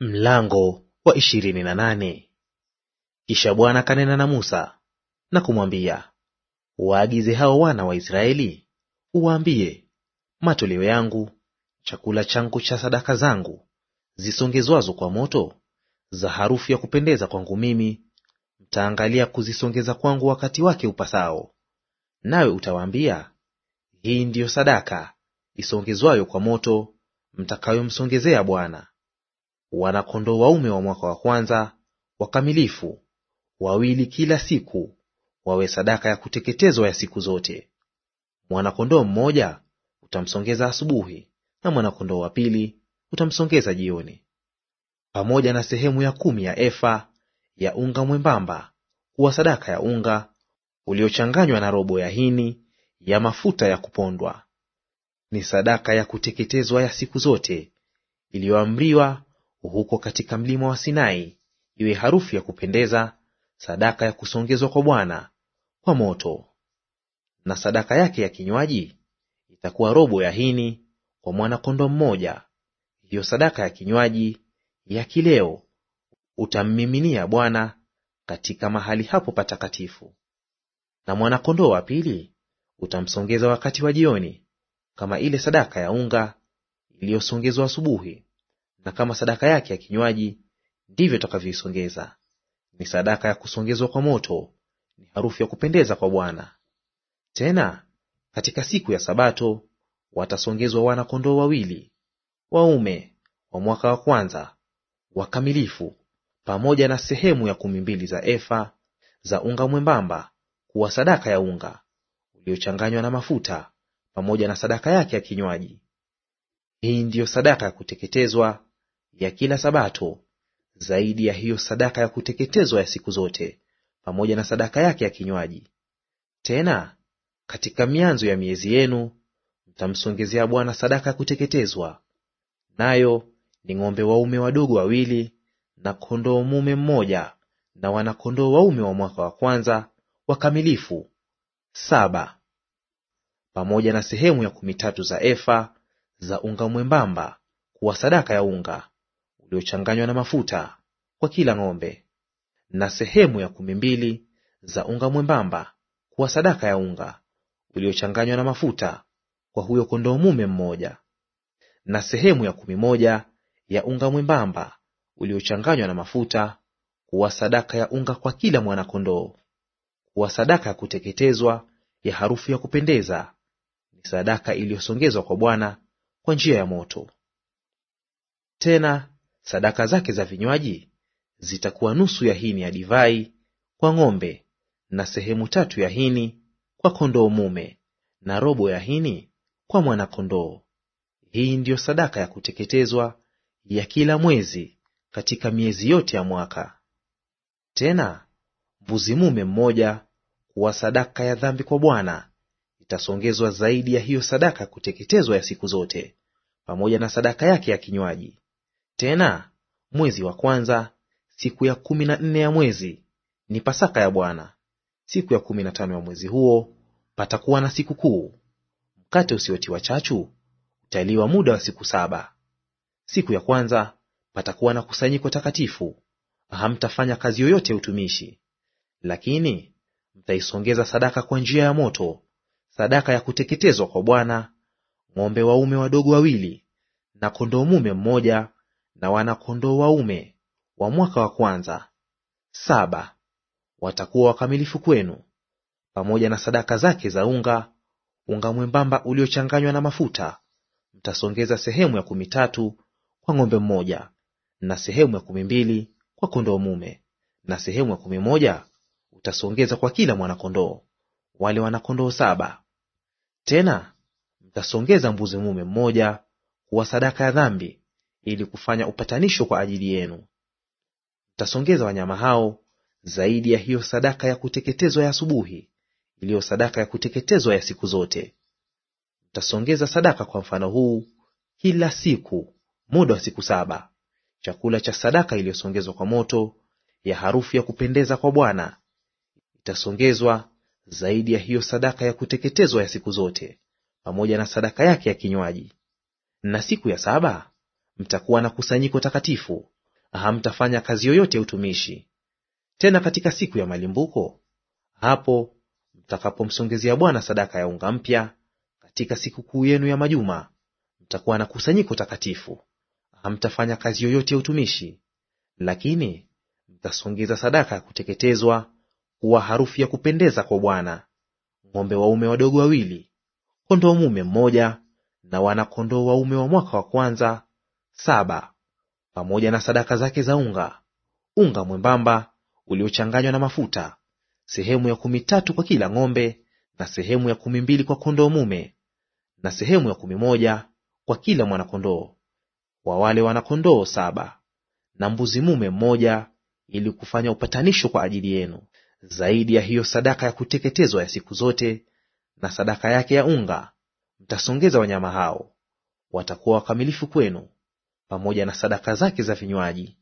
Mlango wa ishirini na nane. Kisha Bwana kanena na Musa na kumwambia, waagize hao wana wa Israeli uwaambie, matoleo yangu, chakula changu cha sadaka zangu zisongezwazo kwa moto, za harufu ya kupendeza kwangu mimi, mtaangalia kuzisongeza kwangu wakati wake upasao. Nawe utawaambia, hii ndiyo sadaka isongezwayo kwa moto mtakayomsongezea Bwana wanakondoo waume wa mwaka wa kwanza wakamilifu wawili kila siku, wawe sadaka ya kuteketezwa ya siku zote. Mwanakondoo mmoja utamsongeza asubuhi, na mwanakondoo wa pili utamsongeza jioni, pamoja na sehemu ya kumi ya efa ya unga mwembamba kuwa sadaka ya unga uliochanganywa na robo ya hini ya mafuta ya kupondwa; ni sadaka ya kuteketezwa ya siku zote iliyoamriwa huko katika mlima wa Sinai iwe harufu ya kupendeza, sadaka ya kusongezwa kwa Bwana kwa moto. Na sadaka yake ya kinywaji itakuwa robo ya hini kwa mwana mmoja; hiyo sadaka ya kinywaji ya kileo utammiminia Bwana katika mahali hapo patakatifu. Na mwana wa pili utamsongeza wakati wa jioni, kama ile sadaka ya unga iliyosongezwa asubuhi na kama sadaka yake ya kinywaji ndivyo utakavyoisongeza. Ni sadaka ya kusongezwa kwa moto, ni harufu ya kupendeza kwa Bwana. Tena katika siku ya Sabato watasongezwa wana-kondoo wawili waume wa mwaka wa kwanza wakamilifu, pamoja na sehemu ya kumi mbili za efa za unga mwembamba kuwa sadaka ya unga uliochanganywa na mafuta, pamoja na sadaka yake ya kinywaji. Hii ndiyo sadaka ya kuteketezwa ya kila Sabato zaidi ya hiyo sadaka ya kuteketezwa ya siku zote, pamoja na sadaka yake ya kinywaji. Tena katika mianzo ya miezi yenu mtamsongezea Bwana sadaka ya kuteketezwa, nayo ni ng'ombe waume wadogo wawili na kondoo mume mmoja na wanakondoo waume wa mwaka wa kwanza wakamilifu saba, pamoja na sehemu ya kumi tatu za efa za unga mwembamba kuwa sadaka ya unga uliochanganywa na mafuta kwa kila ng'ombe, na sehemu ya kumi mbili za unga mwembamba kuwa sadaka ya unga uliochanganywa na mafuta kwa huyo kondoo mume mmoja, na sehemu ya kumi moja ya unga mwembamba uliochanganywa na mafuta kuwa sadaka ya unga kwa kila mwana-kondoo kuwa sadaka ya kuteketezwa ya harufu ya kupendeza; ni sadaka iliyosongezwa kwa Bwana kwa njia ya moto. Tena Sadaka zake za vinywaji zitakuwa nusu ya hini ya divai kwa ng'ombe, na sehemu tatu ya hini kwa kondoo mume, na robo ya hini kwa mwana-kondoo. Hii ndiyo sadaka ya kuteketezwa ya kila mwezi katika miezi yote ya mwaka. Tena mbuzi mume mmoja kuwa sadaka ya dhambi kwa Bwana itasongezwa zaidi ya hiyo sadaka ya kuteketezwa ya siku zote, pamoja na sadaka yake ya kinywaji. Tena mwezi wa kwanza siku ya kumi na nne ya mwezi ni Pasaka ya Bwana. Siku ya kumi na tano ya mwezi huo patakuwa na siku kuu Mkate usiotiwa chachu utaliwa muda wa siku saba. Siku ya kwanza patakuwa na kusanyiko takatifu, hamtafanya kazi yoyote ya utumishi. Lakini mtaisongeza sadaka kwa njia ya moto, sadaka ya kuteketezwa kwa Bwana, ng'ombe waume wadogo wawili na kondoo mume mmoja na wana-kondoo waume wa mwaka wa kwanza saba watakuwa wakamilifu kwenu, pamoja na sadaka zake za unga, unga mwembamba uliochanganywa na mafuta; mtasongeza sehemu ya kumi tatu kwa ng'ombe mmoja, na sehemu ya kumi mbili kwa kondoo mume, na sehemu ya kumi moja utasongeza kwa kila mwana-kondoo, wale wana-kondoo saba. Tena mtasongeza mbuzi mume mmoja kuwa sadaka ya dhambi ili kufanya upatanisho kwa ajili yenu. Mtasongeza wanyama hao zaidi ya hiyo sadaka ya kuteketezwa ya asubuhi iliyo sadaka ya kuteketezwa ya siku zote. Mtasongeza sadaka kwa mfano huu kila siku muda wa siku saba, chakula cha sadaka iliyosongezwa kwa moto ya harufu ya kupendeza kwa Bwana itasongezwa zaidi ya hiyo sadaka ya kuteketezwa ya siku zote, pamoja na sadaka yake ya kinywaji. Na siku ya saba mtakuwa na kusanyiko takatifu, hamtafanya kazi yoyote ya utumishi. Tena katika siku ya malimbuko, hapo mtakapomsongezea Bwana sadaka ya unga mpya katika sikukuu yenu ya majuma, mtakuwa na kusanyiko takatifu, hamtafanya kazi yoyote ya utumishi, lakini mtasongeza sadaka ya kuteketezwa kuwa harufu ya kupendeza kwa Bwana, ng'ombe waume wadogo wawili, kondoo mume mmoja, na wana kondoo waume wa mwaka wa kwanza saba pamoja na sadaka zake za unga, unga mwembamba uliochanganywa na mafuta, sehemu ya kumi tatu kwa kila ng'ombe, na sehemu ya kumi mbili kwa kondoo mume, na sehemu ya kumi moja kwa kila mwanakondoo wa wale wanakondoo saba, na mbuzi mume mmoja, ili kufanya upatanisho kwa ajili yenu, zaidi ya hiyo sadaka ya kuteketezwa ya siku zote na sadaka yake ya unga mtasongeza wanyama hao, watakuwa wakamilifu kwenu pamoja na sadaka zake za vinywaji